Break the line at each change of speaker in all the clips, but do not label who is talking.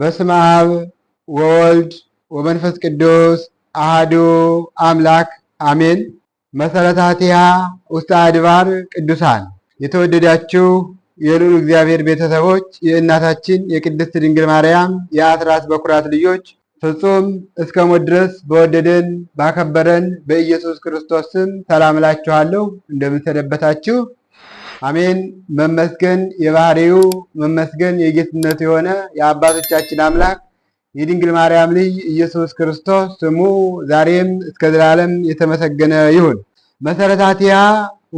በስመ አብ ወወልድ ወመንፈስ ቅዱስ አህዱ አምላክ አሜን። መሰረታቲሃ ውስተ አድባር ቅዱሳን የተወደዳችሁ የልዑል እግዚአብሔር ቤተሰቦች የእናታችን የቅድስት ድንግል ማርያም የአስራት በኩራት ልጆች ፍጹም እስከ ሞት ድረስ በወደደን ባከበረን በኢየሱስ ክርስቶስ ስም ሰላም እላችኋለሁ። እንደምን አሜን። መመስገን የባህሪው መመስገን የጌትነቱ የሆነ የአባቶቻችን አምላክ የድንግል ማርያም ልጅ ኢየሱስ ክርስቶስ ስሙ ዛሬም እስከ ዘላለም የተመሰገነ ይሁን። መሰረታቲያ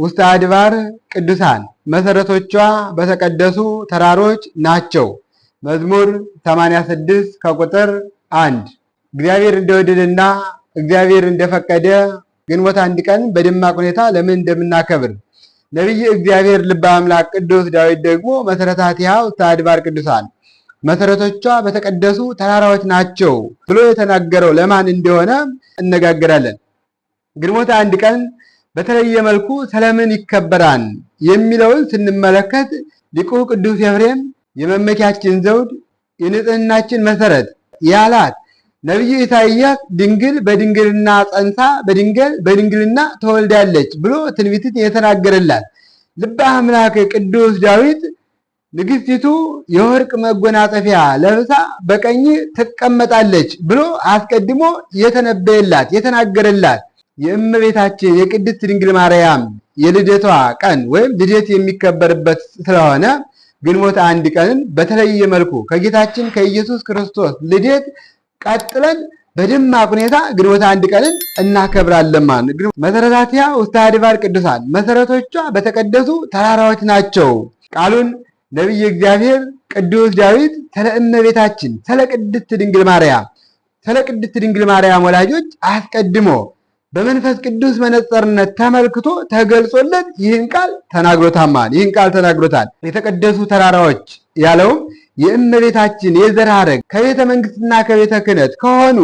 ውስተ አድባር ቅዱሳን መሰረቶቿ በተቀደሱ ተራሮች ናቸው። መዝሙር 86 ከቁጥር አንድ እግዚአብሔር እንደወደደና እግዚአብሔር እንደፈቀደ ግንቦት አንድ ቀን በደማቅ ሁኔታ ለምን እንደምናከብር ነቢይ እግዚአብሔር ልበ አምላክ ቅዱስ ዳዊት ደግሞ መሰረታቲሃ ውስተ አድባር ቅዱሳን መሰረቶቿ በተቀደሱ ተራራዎች ናቸው ብሎ የተናገረው ለማን እንደሆነ እነጋገራለን። ግንቦት አንድ ቀን በተለየ መልኩ ስለምን ይከበራል የሚለውን ስንመለከት ሊቁ ቅዱስ ኤፍሬም የመመኪያችን ዘውድ የንጽህናችን መሰረት ያላት ነቢዩ ኢሳይያስ ድንግል በድንግልና ጸንሳ በድንገል በድንግልና ተወልዳለች ብሎ ትንቢትን የተናገረላት ልበ አምላክ ቅዱስ ዳዊት ንግስቲቱ የወርቅ መጎናጸፊያ ለብሳ በቀኝ ትቀመጣለች ብሎ አስቀድሞ የተነበየላት የተናገረላት የእመቤታችን የቅድስት ድንግል ማርያም የልደቷ ቀን ወይም ልደት የሚከበርበት ስለሆነ ግንቦት አንድ ቀንን በተለየ መልኩ ከጌታችን ከኢየሱስ ክርስቶስ ልደት ቀጥለን በደማቅ ሁኔታ ግንቦት አንድ ቀንን እናከብራለን ማለት ነው። መሰረታቲያ ውስተ አድባር ቅዱሳን መሰረቶቿ በተቀደሱ ተራራዎች ናቸው። ቃሉን ነቢይ እግዚአብሔር ቅዱስ ዳዊት ስለ እመቤታችን ስለ ቅድስት ድንግል ማርያም ስለ ቅድስት ድንግል ማርያም ወላጆች አስቀድሞ በመንፈስ ቅዱስ መነጽርነት ተመልክቶ ተገልጾለት ይህን ቃል ተናግሮታል። ይህን ቃል ተናግሮታል። የተቀደሱ ተራራዎች ያለውም የእመቤታችን የዘር ሐረግ ከቤተ መንግስትና ከቤተ ክህነት ከሆኑ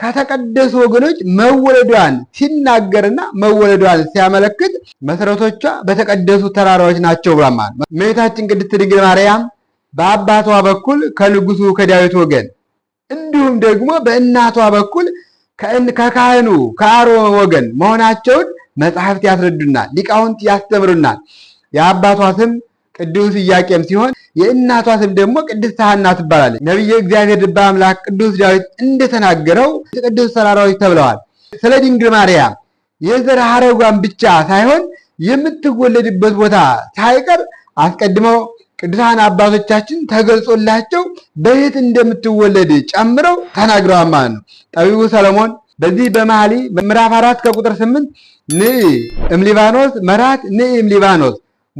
ከተቀደሱ ወገኖች መወለዷን ሲናገርና መወለዷን ሲያመለክት መሰረቶቿ በተቀደሱ ተራራዎች ናቸው ብሏል። እመቤታችን ቅድስት ድንግል ማርያም በአባቷ በኩል ከንጉሱ ከዳዊት ወገን እንዲሁም ደግሞ በእናቷ በኩል ከካህኑ ከአሮን ወገን መሆናቸውን መጽሐፍት ያስረዱናል፣ ሊቃውንት ያስተምሩናል። የአባቷ ስም ቅዱስ ኢያቄም ሲሆን የእናቷ ስም ደግሞ ቅድስት ሐና ትባላለች። ነቢየ እግዚአብሔር ልበ አምላክ ቅዱስ ዳዊት እንደተናገረው ቅዱስ ተራራዎች ተብለዋል። ስለ ድንግል ማርያም የዘር ሐረጓን ብቻ ሳይሆን የምትወለድበት ቦታ ሳይቀር አስቀድመው ቅዱሳን አባቶቻችን ተገልጾላቸው በየት እንደምትወለድ ጨምረው ተናግረዋል ማለት ነው። ጠቢቡ ሰለሞን በዚህ በመኃልየ ምዕራፍ አራት ከቁጥር ስምንት ንኢ እምሊባኖስ መራት ንኢ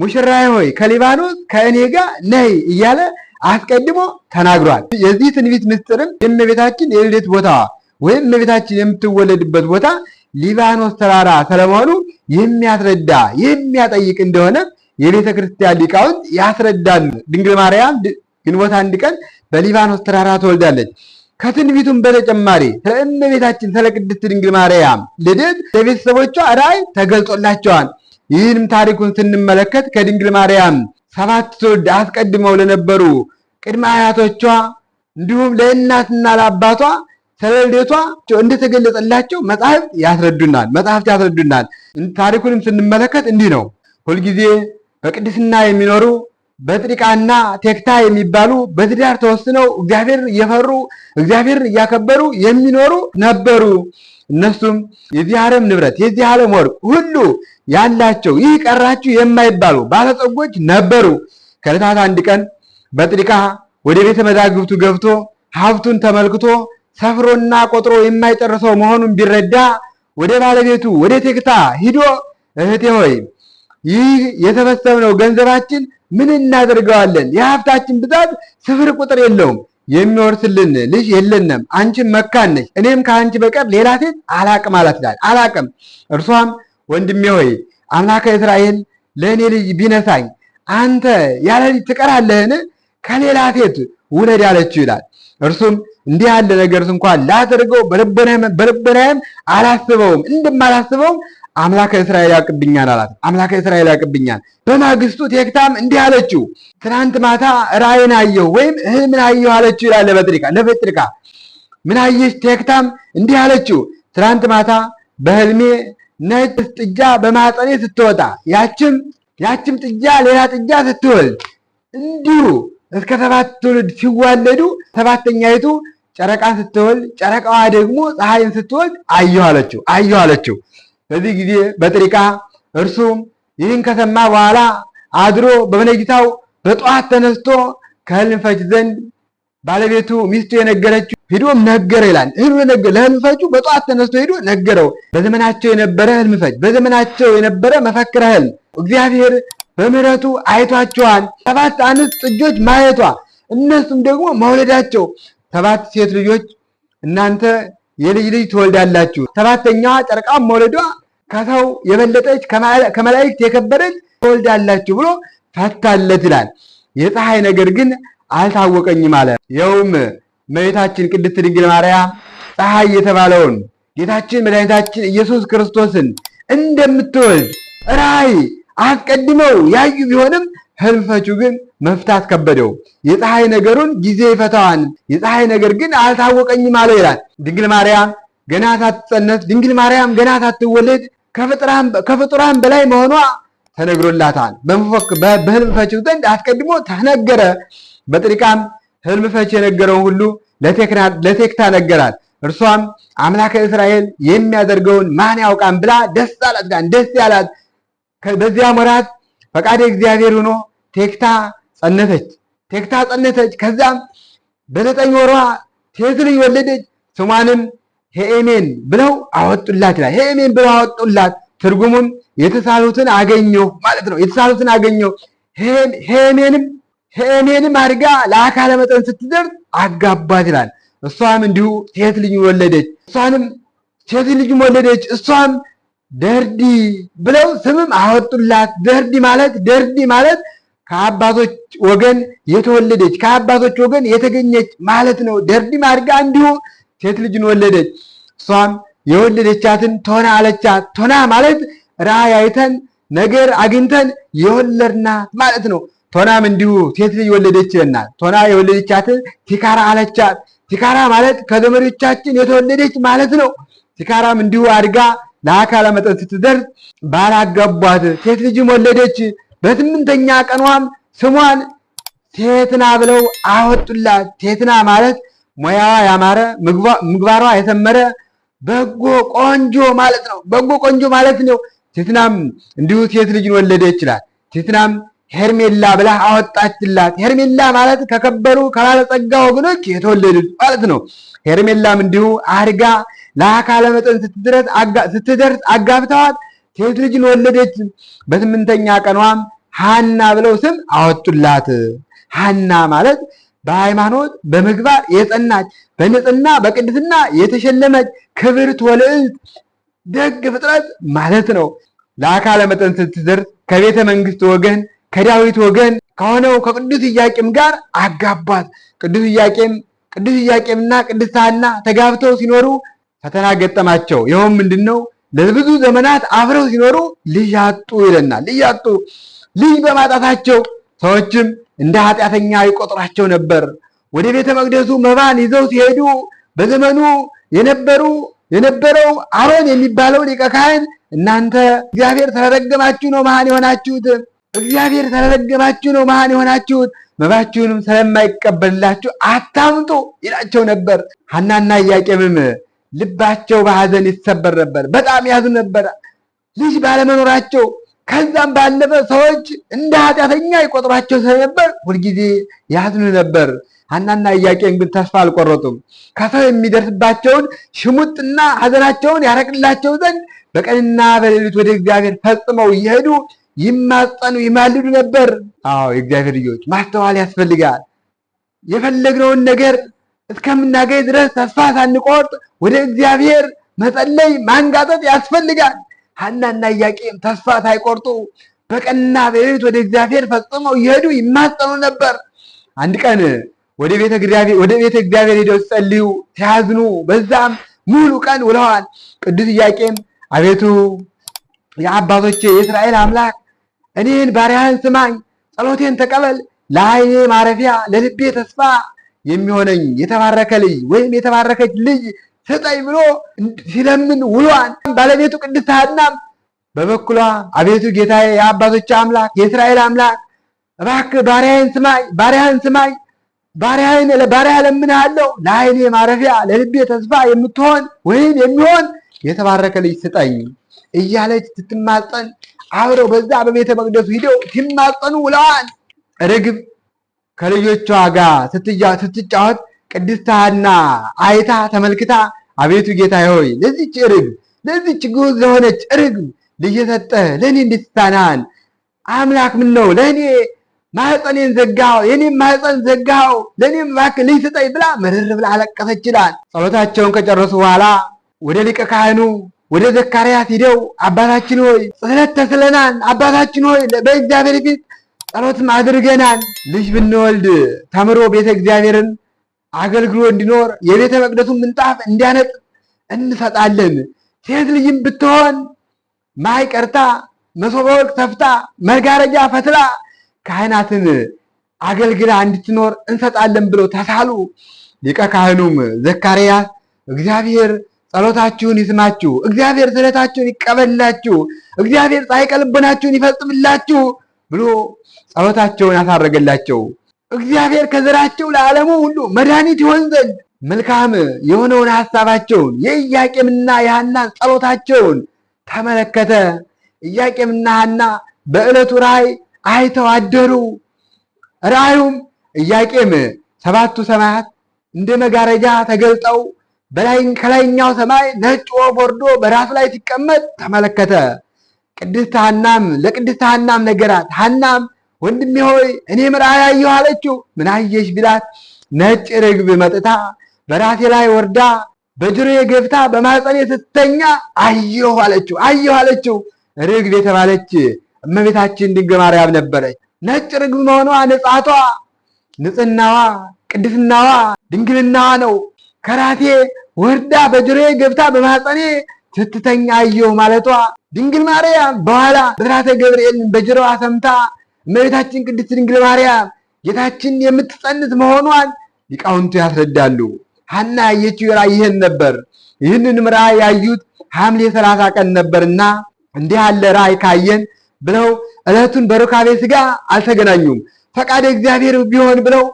ሙሽራዬ ሆይ ከሊባኖስ ከእኔ ጋር ነይ እያለ አስቀድሞ ተናግሯል። የዚህ ትንቢት ምስጢርም የእመቤታችን የልደት ቦታ ወይም እመቤታችን የምትወለድበት ቦታ ሊባኖስ ተራራ ስለመሆኑ የሚያስረዳ የሚያጠይቅ እንደሆነ የቤተ ክርስቲያን ሊቃውንት ያስረዳሉ። ድንግል ማርያም ግንቦት አንድ ቀን በሊባኖስ ተራራ ትወልዳለች። ከትንቢቱም በተጨማሪ ስለ እመቤታችን ስለ ቅድስት ድንግል ማርያም ልደት ለቤተሰቦቿ ራእይ ተገልጾላቸዋል። ይህንም ታሪኩን ስንመለከት ከድንግል ማርያም ሰባት ትውልድ አስቀድመው ለነበሩ ቅድመ አያቶቿ እንዲሁም ለእናትና ለአባቷ ስለ እንደተገለጸላቸው መጽሐፍት ያስረዱናል መጽሐፍት ያስረዱናል። ታሪኩንም ስንመለከት እንዲህ ነው። ሁልጊዜ በቅድስና የሚኖሩ በጥሪቃና ቴክታ የሚባሉ በትዳር ተወስነው እግዚአብሔር እየፈሩ እግዚአብሔር እያከበሩ የሚኖሩ ነበሩ። እነሱም የዚህ ዓለም ንብረት የዚህ ዓለም ወርቅ ሁሉ ያላቸው ይህ ቀራችሁ የማይባሉ ባለጸጎች ነበሩ። ከዕለታት አንድ ቀን በጥድቃ ወደ ቤተ መዛግብቱ ገብቶ ሀብቱን ተመልክቶ ሰፍሮና ቆጥሮ የማይጨርሰው መሆኑን ቢረዳ ወደ ባለቤቱ ወደ ቴክታ ሂዶ እህቴ ሆይ ይህ የተበሰብነው ገንዘባችን ምን እናደርገዋለን? የሀብታችን ብዛት ስፍር ቁጥር የለውም። የሚወርስልን ልጅ የለንም። አንቺም መካን ነች። እኔም ከአንቺ በቀር ሌላ ሴት አላቅም አላትላል አላቅም እርሷም ወንድሜ ሆይ አምላከ እስራኤል ለእኔ ልጅ ቢነሳኝ አንተ ያለ ልጅ ትቀራለህን? ከሌላ ሴት ውለድ አለችው ይላል። እርሱም እንዲህ ያለ ነገር እንኳን ላደርገው በልቦናዬም አላስበውም እንደማላስበውም አምላከ እስራኤል ያውቅብኛል አላት። አምላከ እስራኤል ያውቅብኛል። በማግስቱ ቴክታም እንዲህ አለችው፣ ትናንት ማታ ራእይን አየሁ ወይም ህልምን አየሁ አለችው ይላል ለበጥሪቃ ለበጥሪቃ ምን አየች? ቴክታም እንዲህ አለችው፣ ትናንት ማታ በህልሜ ነጭ ጥጃ በማህፀኔ ስትወጣ ያችም ያችም ጥጃ ሌላ ጥጃ ስትወልድ እንዲሁ እስከ ሰባት ትውልድ ሲዋለዱ ሰባተኛይቱ ጨረቃን ስትወልድ ጨረቃዋ ደግሞ ፀሐይን ስትወልድ አየሁ አለችው አየሁ አለችው። በዚህ ጊዜ በጥሪቃ እርሱም ይህን ከሰማ በኋላ አድሮ በመነጊታው በጠዋት ተነስቶ ከህልም ፈች ዘንድ ባለቤቱ ሚስቱ የነገረችው ሂዶም ነገረ ይላል። ለህልም ፈጩ በጠዋት ተነስቶ ሂዶ ነገረው። በዘመናቸው የነበረ ህልም ፈች፣ በዘመናቸው የነበረ መፈክረ ህልም እግዚአብሔር በምሕረቱ አይቷቸዋል። ሰባት አንስት ጥጆች ማየቷ እነሱም ደግሞ መውለዳቸው ሰባት ሴት ልጆች እናንተ የልጅ ልጅ ትወልዳላችሁ። ሰባተኛዋ ጨርቃም መውለዷ ከሰው የበለጠች ከመላእክት የከበረች ትወልዳላችሁ ብሎ ፈታለት ይላል። የፀሐይ ነገር ግን አልታወቀኝም አለ። ይኸውም እመቤታችን ቅድስት ድንግል ማርያም ፀሐይ የተባለውን ጌታችን መድኃኒታችን ኢየሱስ ክርስቶስን እንደምትወልድ ራእይ አስቀድመው ያዩ ቢሆንም ህልም ፈቺው ግን መፍታት ከበደው። የፀሐይ ነገሩን ጊዜ ይፈታዋል፣ የፀሐይ ነገር ግን አልታወቀኝም አለው ይላል። ድንግል ማርያም ገና ሳትጸነት፣ ድንግል ማርያም ገና ሳትወለድ ከፍጡራን በላይ መሆኗ ተነግሮላታል። በህልም ፈቺው ዘንድ አስቀድሞ ተነገረ። በጥሪቃም ህልም ፈች የነገረውን ሁሉ ለቴክታ ነገራት። እርሷም አምላከ እስራኤል የሚያደርገውን ማን ያውቃን ብላ ደስ አላት ጋር ደስ ያላት። በዚያም ወራት ፈቃደ እግዚአብሔር ሆኖ ቴክታ ጸነተች። ቴክታ ጸነተች። ከዛም በዘጠኝ ወሯ ሴት ልጅ ወለደች። ስሟንም ሄኤሜን ብለው አወጡላት ይላል። ሄኤሜን ብለው አወጡላት። ትርጉሙም የተሳሉትን አገኘሁ ማለት ነው። የተሳሉትን አገኘሁ ሄሜንም ሄሜንም አድጋ ለአካለ መጠን ስትደርስ አጋባት ይላል። እሷም እንዲሁ ሴት ልጅ ወለደች፣ እሷንም ሴት ልጅ ወለደች። እሷም ደርዲ ብለው ስምም አወጡላት። ደርዲ ማለት ደርዲ ማለት ከአባቶች ወገን የተወለደች ከአባቶች ወገን የተገኘች ማለት ነው። ደርዲም አድጋ እንዲሁ ሴት ልጅን ወለደች። እሷም የወለደቻትን ቶና አለቻት። ቶና ማለት ራእይ አይተን ነገር አግኝተን የወለድናት ማለት ነው። ቶናም እንዲሁ ሴት ልጅ ወለደች ይለናል። ቶና የወለደቻት ቲካራ አለቻት። ቲካራ ማለት ከዘመዶቻችን የተወለደች ማለት ነው። ቲካራም እንዲሁ አድጋ ለአካለ መጠን ስትደርስ ባላገቧት ሴት ልጅም ወለደች። በስምንተኛ ቀኗም ስሟን ሴትና ብለው አወጡላት። ሴትና ማለት ሙያዋ ያማረ ምግባሯ የሰመረ በጎ ቆንጆ ማለት ነው። በጎ ቆንጆ ማለት ነው። ሴትናም እንዲሁ ሴት ልጅን ወለደ ይችላል። ሴትናም ሄርሜላ ብላ አወጣችላት። ሄርሜላ ማለት ከከበሩ ከባለጸጋ ወገኖች የተወለዱት ማለት ነው። ሄርሜላም እንዲሁ አድጋ ለአካለ መጠን ስትደርስ አጋብተዋት ሴት ልጅን ወለደች። በስምንተኛ ቀኗም ሃና ብለው ስም አወጡላት። ሀና ማለት በሃይማኖት በምግባር የጸናች በንጽህና በቅድስና የተሸለመች ክብርት ወልዕልት ደግ ፍጥረት ማለት ነው። ለአካለ መጠን ስትደርስ ከቤተ መንግስት ወገን ከዳዊት ወገን ከሆነው ከቅዱስ እያቄም ጋር አጋባት። ቅዱስ እያቄም ቅዱስ እያቄምና ቅድስት ሐና ተጋብተው ሲኖሩ ፈተና ገጠማቸው። ይኸውም ምንድን ነው? ለብዙ ዘመናት አብረው ሲኖሩ ልጅ አጡ ይለናል። ልጅ አጡ። ልጅ በማጣታቸው ሰዎችም እንደ ኃጢአተኛ ይቆጥሯቸው ነበር። ወደ ቤተ መቅደሱ መባን ይዘው ሲሄዱ በዘመኑ የነበሩ የነበረው አሮን የሚባለው ሊቀ ካህን እናንተ እግዚአብሔር ስለረገማችሁ ነው መሃን የሆናችሁት እግዚአብሔር ስለረገማችሁ ነው መሃን የሆናችሁት፣ መባችሁንም ስለማይቀበልላችሁ አታምጡ ይላቸው ነበር። ሐናና ኢያቄምም ልባቸው በሐዘን ይሰበር ነበር። በጣም ያዙ ነበር ልጅ ባለመኖራቸው። ከዛም ባለፈ ሰዎች እንደ ኃጢአተኛ ይቆጥሯቸው ስለነበር ሁልጊዜ ያዝኑ ነበር። ሐናና ኢያቄም ግን ተስፋ አልቆረጡም። ከሰው የሚደርስባቸውን ሽሙጥና ሐዘናቸውን ያረቅላቸው ዘንድ በቀንና በሌሊት ወደ እግዚአብሔር ፈጽመው እየሄዱ ይማጸኑ ይማልዱ ነበር። አዎ የእግዚአብሔር ልጆች ማስተዋል ያስፈልጋል። የፈለግነውን ነገር እስከምናገኝ ድረስ ተስፋ ሳንቆርጥ ወደ እግዚአብሔር መጸለይ ማንጋጠጥ ያስፈልጋል። ሐናና ኢያቄም ተስፋ ሳይቆርጡ በቀንና በሌሊት ወደ እግዚአብሔር ፈጽመው እየሄዱ ይማጸኑ ነበር። አንድ ቀን ወደ ቤተ እግዚአብሔር ሄደው ሲጸልዩ ሲያዝኑ፣ በዛም ሙሉ ቀን ውለዋል። ቅዱስ ኢያቄም አቤቱ የአባቶቼ የእስራኤል አምላክ እኔን ባሪያህን ስማኝ፣ ጸሎቴን ተቀበል። ለዓይኔ ማረፊያ ለልቤ ተስፋ የሚሆነኝ የተባረከ ልጅ ወይም የተባረከች ልጅ ስጠኝ ብሎ ሲለምን ውሏን ባለቤቱ ቅድስት ሐናም በበኩሏ አቤቱ ጌታዬ፣ የአባቶች አምላክ የእስራኤል አምላክ እባክህ ባሪያህን ስማኝ፣ ባሪያህን ስማኝ፣ ባሪያህን ባሪያ ለምንሃለሁ፣ ለዓይኔ ማረፊያ ለልቤ ተስፋ የምትሆን ወይም የሚሆን የተባረከ ልጅ ስጠኝ እያለች ስትማፀን አብረው በዛ በቤተ መቅደሱ ሂደው ሲማፀኑ ውለዋል። ርግብ ከልጆቿ ጋር ስትጫወት ቅድስት ሐና አይታ ተመልክታ አቤቱ ጌታ ሆይ ለዚች ርግብ ለዚች ግዑዝ ለሆነች ርግብ ልጅ ሰጠህ ለእኔ እንዴት አምላክ ምን ነው ለእኔ ማህፀኔን ዘጋው የኔም ማህፀን ዘጋው ለእኔም እባክህ ልጅ ስጠኝ ብላ መርር ብላ አለቀሰች ይላል። ጸሎታቸውን ከጨረሱ በኋላ ወደ ሊቀ ካህኑ ወደ ዘካርያስ ሂደው አባታችን ሆይ ስዕለት ተስለናን፣ አባታችን ሆይ በእግዚአብሔር ፊት ጸሎትም አድርገናል። ልጅ ብንወልድ ተምሮ ቤተ እግዚአብሔርን አገልግሎ እንዲኖር የቤተ መቅደሱን ምንጣፍ እንዲያነጥ እንሰጣለን። ሴት ልጅም ብትሆን ማይ ቀርታ መሶበ ወርቅ ሰፍታ መጋረጃ ፈትላ ካህናትን አገልግላ እንድትኖር እንሰጣለን ብለው ተሳሉ። ሊቀ ካህኑም ዘካርያስ እግዚአብሔር ጸሎታችሁን ይስማችሁ። እግዚአብሔር ስዕለታችሁን ይቀበላችሁ። እግዚአብሔር ፀሐይ ቀልቦናችሁን ይፈጽምላችሁ ብሎ ጸሎታቸውን ያሳረገላቸው እግዚአብሔር ከዘራቸው ለዓለሙ ሁሉ መድኃኒት ይሆን ዘንድ መልካም የሆነውን ሐሳባቸውን የኢያቄምና የሐናን ጸሎታቸውን ተመለከተ። ኢያቄምና ሐና በዕለቱ ራእይ አይተው አደሩ። ራእዩም ኢያቄም ሰባቱ ሰማያት እንደ መጋረጃ ተገልጠው ከላይኛው ሰማይ ነጭ ወፍ ወርዶ በራሱ ላይ ሲቀመጥ ተመለከተ። ቅድስት ሐናም ለቅድስት ሐናም ነገራት። ሐናም ወንድሜ ሆይ እኔ ራእይ አየሁ አለችው። ምን አየሽ ቢላት ነጭ ርግብ መጥታ በራሴ ላይ ወርዳ በጆሮዬ ገብታ በማኅፀኔ ስትተኛ አየሁ አለችው። አየሁ አለችው። ርግብ የተባለች እመቤታችን ድንግል ማርያም ነበረች። ነጭ ርግብ መሆኗ ንጻቷ፣ ንጽህናዋ፣ ቅድስናዋ፣ ድንግልናዋ ነው። ከራቴ ወርዳ በድሬ ገብታ በማህፀኔ ስትተኛ አየው ማለቷ ድንግል ማርያም በኋላ ብስራተ ገብርኤል በጆሮዋ ሰምታ እመቤታችን ቅድስት ድንግል ማርያም ጌታችን የምትጸንት መሆኗን ሊቃውንቱ ያስረዳሉ። ሐና ያየችው ራእይ ይህን ነበር። ይህንን ራእይ ያዩት ሐምሌ ሰላሳ ቀን ነበርና እንዲህ ያለ ራእይ ካየን ብለው ዕለቱን በሩካቤ ሥጋ አልተገናኙም። ፈቃደ እግዚአብሔር ቢሆን ብለው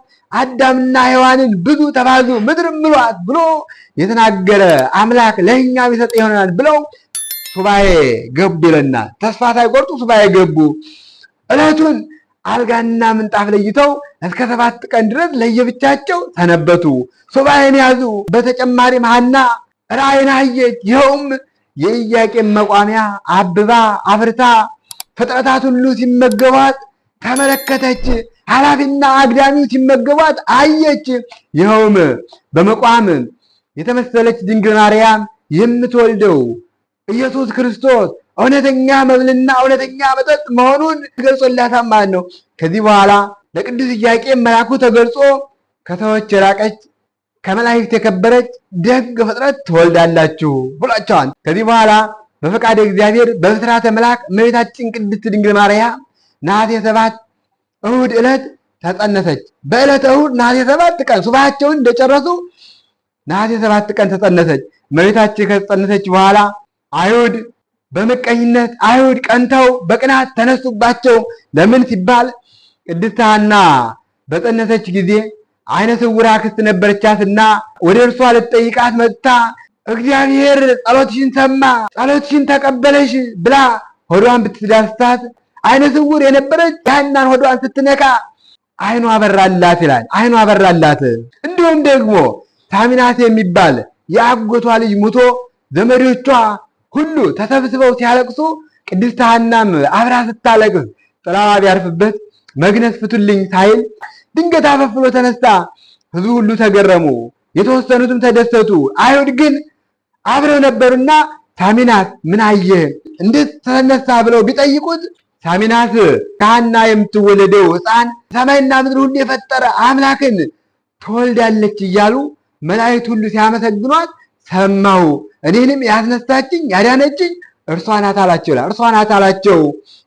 አዳምና ሔዋንን ብዙ ተባዙ ምድር ምሏት ብሎ የተናገረ አምላክ ለእኛም የሰጠ ይሆናል ብለው ሱባኤ ገቡ ይለናል። ተስፋ ሳይቆርጡ ሱባኤ ገቡ። እለቱን አልጋና ምንጣፍ ለይተው እስከ ሰባት ቀን ድረስ ለየብቻቸው ሰነበቱ፣ ሱባኤን ያዙ። በተጨማሪም ሐና ራእይን አየች። ይኸውም የኢያቄም መቋሚያ አብባ አፍርታ ፍጥረታት ሁሉ ሲመገቧት ተመለከተች። አላፊና አግዳሚው ሲመገቧት አየች። ይኸውም በመቋም የተመሰለች ድንግል ማርያም የምትወልደው ኢየሱስ ክርስቶስ እውነተኛ መብልና እውነተኛ መጠጥ መሆኑን ገልጾላታል ማለት ነው። ከዚህ በኋላ ለቅዱስ ኢያቄም መልአኩ ተገልጾ ከሰዎች የራቀች ከመላእክት የከበረች ደግ ፍጥረት ትወልዳላችሁ ብሏቸዋል። ከዚህ በኋላ በፈቃድ እግዚአብሔር በብስራተ መልአክ እመቤታችን ቅድስት ድንግል ማርያም ነሐሴ ሰባት እሁድ ዕለት ተጸነሰች። በእለት እሁድ ነሐሴ ሰባት ቀን ሱባቸውን እንደጨረሱ ነሐሴ ሰባት ቀን ተጸነሰች። እመቤታችን ከተጸነሰች በኋላ አይሁድ በምቀኝነት አይሁድ ቀንተው በቅናት ተነሱባቸው። ለምን ሲባል ቅድስት ሐና በጸነሰች ጊዜ ዓይነ ስውር አክስት ነበረቻትና ወደ እርሷ ልትጠይቃት መጥታ እግዚአብሔር ጸሎትሽን ሰማ፣ ጸሎትሽን ተቀበለሽ ብላ ሆዷን ብትዳስታት አይነ ስውር የነበረች ያናን ሆዷን ስትነካ አይኗ አበራላት ይላል። አይኗ አበራላት። እንዲሁም ደግሞ ታሚናስ የሚባል የአጎቷ ልጅ ሙቶ ዘመዶቿ ሁሉ ተሰብስበው ሲያለቅሱ ቅድስት ሐናም አብራ ስታለቅስ ጥላዋ ቢያርፍበት መግነት ፍቱልኝ ሳይል ድንገት አፈፍሎ ተነሳ። ህዝቡ ሁሉ ተገረሙ፣ የተወሰኑትም ተደሰቱ። አይሁድ ግን አብረው ነበሩና ታሚናስ ምን አየህ እንዴት ተነሳ ብለው ቢጠይቁት ሳሚናስ ካህና የምትወለደው ህፃን ሰማይና ምድር ሁሉ የፈጠረ አምላክን ትወልዳለች እያሉ መላእክት ሁሉ ሲያመሰግኗት ሰማው እኔንም ያስነሳችኝ ያዳነችኝ እርሷ ናት አላቸው ይላል። እርሷ ናት አላቸው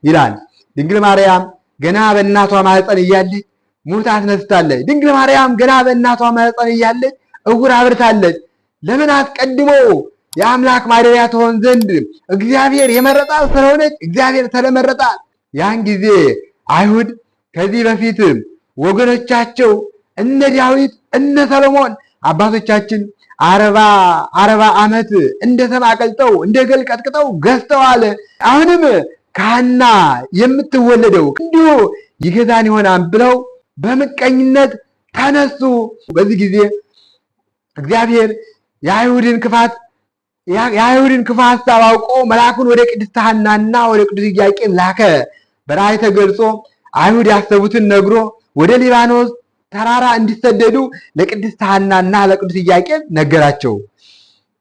ይላል። ድንግል ማርያም ገና በእናቷ ማህፀን እያለች ሙት አስነስታለች። ድንግል ማርያም ገና በእናቷ ማህፀን እያለች እውር አብርታለች። ለምን አስቀድሞ የአምላክ ማደሪያ ትሆን ዘንድ እግዚአብሔር የመረጣት ስለሆነች እግዚአብሔር ስለመረጣት ያን ጊዜ አይሁድ ከዚህ በፊት ወገኖቻቸው እነ ዳዊት እነ ሰሎሞን አባቶቻችን አረባ አረባ ዓመት እንደ ሰባ ቀልጠው እንደ ገል ቀጥቅጠው ገዝተዋል። አሁንም ካህና የምትወለደው እንዲሁ ይገዛን ይሆናል ብለው በምቀኝነት ተነሱ። በዚህ ጊዜ እግዚአብሔር የአይሁድን ክፋት የአይሁድን ክፉ አውቆ መልአኩን ወደ ቅድስት ሐናና ወደ ቅዱስ ኢያቄም ላከ። በራእይ ተገልጾ አይሁድ ያሰቡትን ነግሮ ወደ ሊባኖስ ተራራ እንዲሰደዱ ለቅድስት ሐናና ለቅዱስ ኢያቄም ነገራቸው።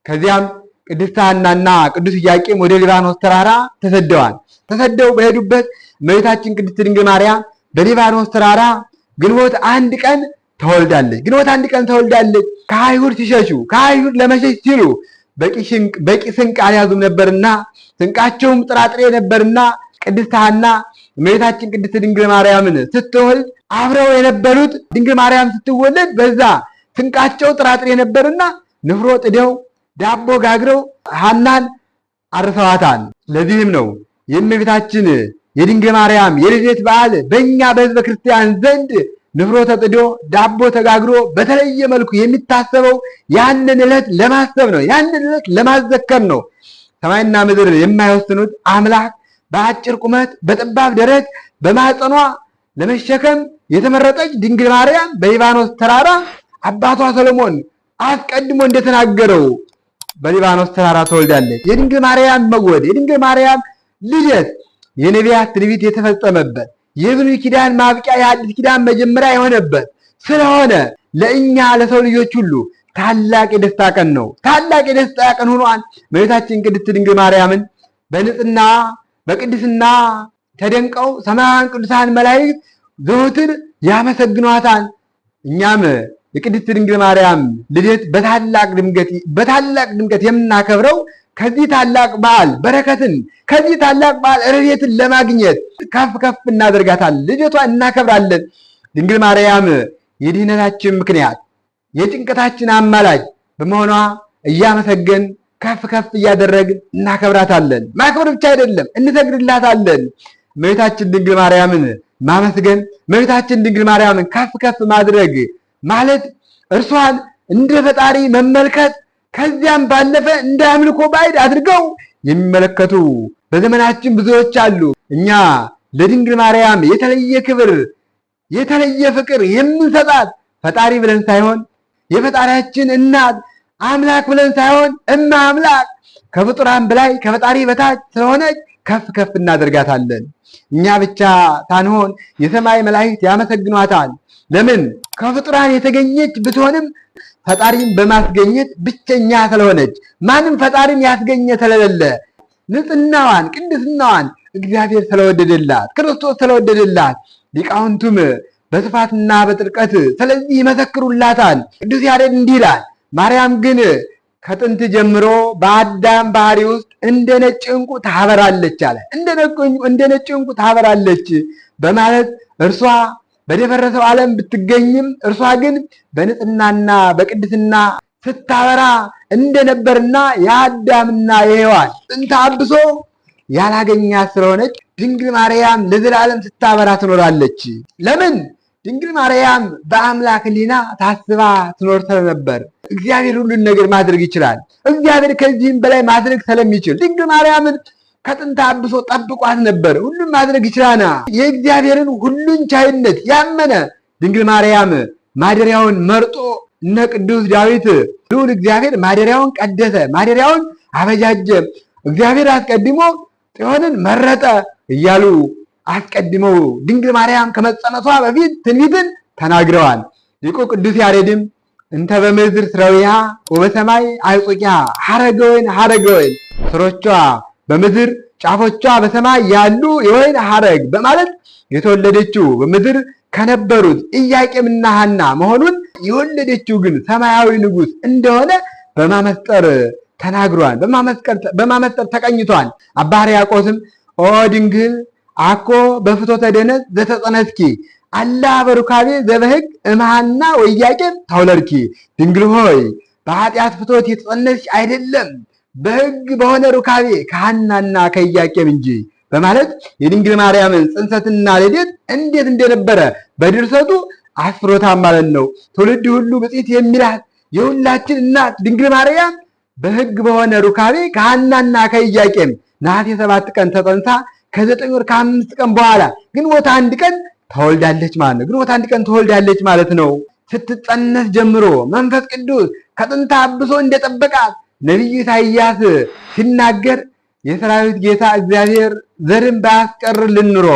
ከዚያም ቅድስት ሐናና ቅዱስ ኢያቄም ወደ ሊባኖስ ተራራ ተሰደዋል። ተሰደው በሄዱበት እመቤታችን ቅድስት ድንግል ማርያም በሊባኖስ ተራራ ግንቦት አንድ ቀን ተወልዳለች። ግንቦት አንድ ቀን ተወልዳለች። ከአይሁድ ሲሸሹ ከአይሁድ ለመሸሽ ሲሉ በቂ ስንቅ አልያዙም ነበርና ስንቃቸውም ጥራጥሬ ነበርና ቅድስት ሐና እመቤታችን ቅድስት ድንግል ማርያምን ስትወልድ አብረው የነበሩት ድንግል ማርያም ስትወለድ በዛ ትንቃቸው ጥራጥሬ ነበርና ንፍሮ ጥደው ዳቦ ጋግረው ሐናን አርሰዋታል። ለዚህም ነው የእመቤታችን የድንግል ማርያም የልደት በዓል በእኛ በሕዝበ ክርስቲያን ዘንድ ንፍሮ ተጥዶ ዳቦ ተጋግሮ በተለየ መልኩ የሚታሰበው ያንን ዕለት ለማሰብ ነው። ያንን ዕለት ለማዘከር ነው። ሰማይና ምድር የማይወስኑት አምላክ በአጭር ቁመት በጠባብ ደረት በማህፀኗ ለመሸከም የተመረጠች ድንግል ማርያም በሊባኖስ ተራራ አባቷ ሰሎሞን አስቀድሞ እንደተናገረው በሊባኖስ ተራራ ተወልዳለች። የድንግል ማርያም መወለድ፣ የድንግል ማርያም ልደት የነቢያት ትንቢት የተፈጸመበት የብሉይ ኪዳን ማብቂያ የአዲስ ኪዳን መጀመሪያ የሆነበት ስለሆነ ለእኛ ለሰው ልጆች ሁሉ ታላቅ የደስታ ቀን ነው። ታላቅ የደስታ ቀን ሆኗል። እመቤታችን ቅድስት ድንግል ማርያምን በንጽህና በቅድስና ተደንቀው ሰማያን ቅዱሳን መላእክት ዘወትር ያመሰግኗታል። እኛም የቅድስት ድንግል ማርያም ልደት በታላቅ ድምቀት የምናከብረው ከዚህ ታላቅ በዓል በረከትን ከዚህ ታላቅ በዓል ረድኤትን ለማግኘት ከፍ ከፍ እናደርጋታል። ልደቷን እናከብራለን። ድንግል ማርያም የድህነታችን ምክንያት የጭንቀታችን አማላጅ በመሆኗ እያመሰገን ከፍ ከፍ እያደረግን እናከብራታለን። ማክበር ብቻ አይደለም፣ እንሰግድላታለን። እመቤታችን ድንግል ማርያምን ማመስገን፣ እመቤታችን ድንግል ማርያምን ከፍ ከፍ ማድረግ ማለት እርሷን እንደ ፈጣሪ መመልከት ከዚያም ባለፈ እንደ አምልኮ ባዕድ አድርገው የሚመለከቱ በዘመናችን ብዙዎች አሉ። እኛ ለድንግል ማርያም የተለየ ክብር፣ የተለየ ፍቅር የምንሰጣት ፈጣሪ ብለን ሳይሆን የፈጣሪያችን እናት አምላክ ብለን ሳይሆን እመ አምላክ ከፍጡራን በላይ ከፈጣሪ በታች ስለሆነች ከፍ ከፍ እናደርጋታለን። እኛ ብቻ ሳንሆን የሰማይ መላእክት ያመሰግኗታል። ለምን? ከፍጡራን የተገኘች ብትሆንም ፈጣሪን በማስገኘት ብቸኛ ስለሆነች፣ ማንም ፈጣሪን ያስገኘ ስለሌለ፣ ንጽሕናዋን ቅድስናዋን እግዚአብሔር ስለወደደላት፣ ክርስቶስ ስለወደደላት ሊቃውንቱም በስፋትና በጥልቀት ስለዚህ ይመሰክሩላታል። ቅዱስ ያሬድ እንዲህ ይላል ማርያም ግን ከጥንት ጀምሮ በአዳም ባህሪ ውስጥ እንደ ነጭ እንቁ ታበራለች አለ። እንደ ነጭ እንቁ ታበራለች በማለት እርሷ በደፈረሰው ዓለም ብትገኝም እርሷ ግን በንጽህናና በቅድስና ስታበራ እንደነበርና የአዳምና የሔዋን ጥንት አብሶ ያላገኛት ስለሆነች ድንግል ማርያም ለዘላለም ስታበራ ትኖራለች። ለምን? ድንግል ማርያም በአምላክ ሊና ታስባ ትኖር ስለነበር እግዚአብሔር ሁሉን ነገር ማድረግ ይችላል። እግዚአብሔር ከዚህም በላይ ማድረግ ስለሚችል ድንግል ማርያምን ከጥንት አብሶ ጠብቋት ነበር። ሁሉን ማድረግ ይችላና የእግዚአብሔርን ሁሉን ቻይነት ያመነ ድንግል ማርያም ማደሪያውን መርጦ እነ ቅዱስ ዳዊት ልዑል እግዚአብሔር ማደሪያውን ቀደሰ፣ ማደሪያውን አበጃጀ፣ እግዚአብሔር አስቀድሞ ጽዮንን መረጠ እያሉ አስቀድመው ድንግል ማርያም ከመጸነሷ በፊት ትንቢትን ተናግረዋል። ሊቁ ቅዱስ ያሬድም እንተ በምድር ስረዊሃ ወበሰማይ አይጾቂሃ ሐረገ ወይን ሐረገ ወይን ስሮቿ በምድር ጫፎቿ በሰማይ ያሉ የወይን ሐረግ በማለት የተወለደችው በምድር ከነበሩት ኢያቄምና ሐና መሆኑን የወለደችው ግን ሰማያዊ ንጉሥ እንደሆነ በማመስጠር ተናግሯል። በማመስጠር ተቀኝቷል። አባ ሕርያቆስም ኦ ድንግል አኮ በፍቶተ ደህነት ዘተጸነስኪ አላ በሩካቤ ዘበህግ እምሃና ወያቄም ታውለድኪ ድንግል ሆይ በኃጢአት ፍቶት የተጸነስሽ አይደለም በህግ በሆነ ሩካቤ ከሃናና ከእያቄም እንጂ በማለት የድንግል ማርያምን ጽንሰትና ልደት እንዴት እንደነበረ በድርሰቱ አስፍሮታ ማለት ነው። ትውልድ ሁሉ ብጽት የሚላት የሁላችን እናት ድንግል ማርያም በህግ በሆነ ሩካቤ ከሃናና ከያቄም ነሐሴ ሰባት ቀን ተጸንሳ ከዘጠኝ ወር ከአምስት ቀን በኋላ ግንቦት አንድ ቀን ተወልዳለች ማለት ነው። ግንቦት አንድ ቀን ተወልዳለች ማለት ነው። ስትጸነስ ጀምሮ መንፈስ ቅዱስ ከጥንት አብሶ እንደጠበቃት ነቢዩ ኢሳይያስ ሲናገር የሰራዊት ጌታ እግዚአብሔር ዘርን ባያስቀር ልንሮ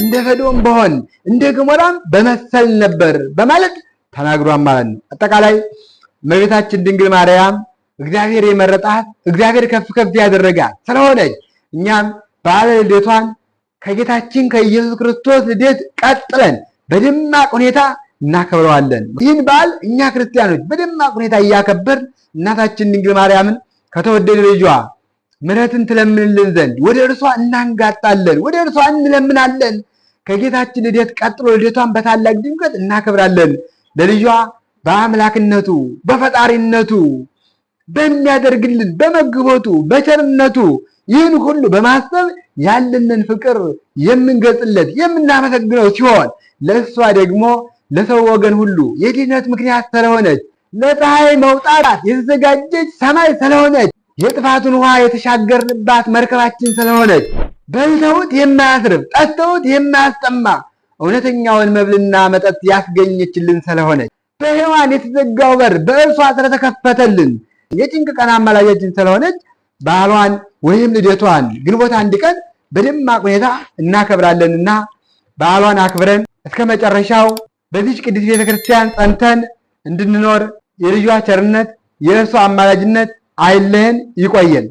እንደ ሰዶም በሆን እንደ ገሞራም በመሰል ነበር በማለት ተናግሯል ማለት ነው። አጠቃላይ እመቤታችን ድንግል ማርያም እግዚአብሔር የመረጣት እግዚአብሔር ከፍ ከፍ ያደረጋት ስለሆነች እኛም በዓለ ልደቷን ከጌታችን ከኢየሱስ ክርስቶስ ልደት ቀጥለን በደማቅ ሁኔታ እናከብረዋለን። ይህን በዓል እኛ ክርስቲያኖች በደማቅ ሁኔታ እያከበር እናታችን ድንግል ማርያምን ከተወደደ ልጇ ምሕረትን ትለምንልን ዘንድ ወደ እርሷ እናንጋጣለን፣ ወደ እርሷ እንለምናለን። ከጌታችን ልደት ቀጥሎ ልደቷን በታላቅ ድምቀት እናከብራለን። ለልጇ በአምላክነቱ በፈጣሪነቱ በሚያደርግልን በመግቦቱ በቸርነቱ ይህን ሁሉ በማሰብ ያለንን ፍቅር የምንገልጽለት የምናመሰግነው ሲሆን ለእሷ ደግሞ ለሰው ወገን ሁሉ የድህነት ምክንያት ስለሆነች ለፀሐይ መውጣት የተዘጋጀች ሰማይ ስለሆነች የጥፋቱን ውሃ የተሻገርንባት መርከባችን ስለሆነች በልተውት የማያስርብ ጠጥተውት የማያስጠማ እውነተኛውን መብልና መጠጥ ያስገኘችልን ስለሆነች በሔዋን የተዘጋው በር በእርሷ ስለተከፈተልን የጭንቅ ቀን አመላጃችን ስለሆነች ባሏን ወይም ልደቷን ግንቦት አንድ ቀን በደማቅ ሁኔታ እናከብራለንና በዓሏን አክብረን እስከ መጨረሻው በዚች ቅድስት ቤተክርስቲያን ጸንተን እንድንኖር የልጇ ቸርነት የእርሷ አማላጅነት አይለየን፣ ይቆየን።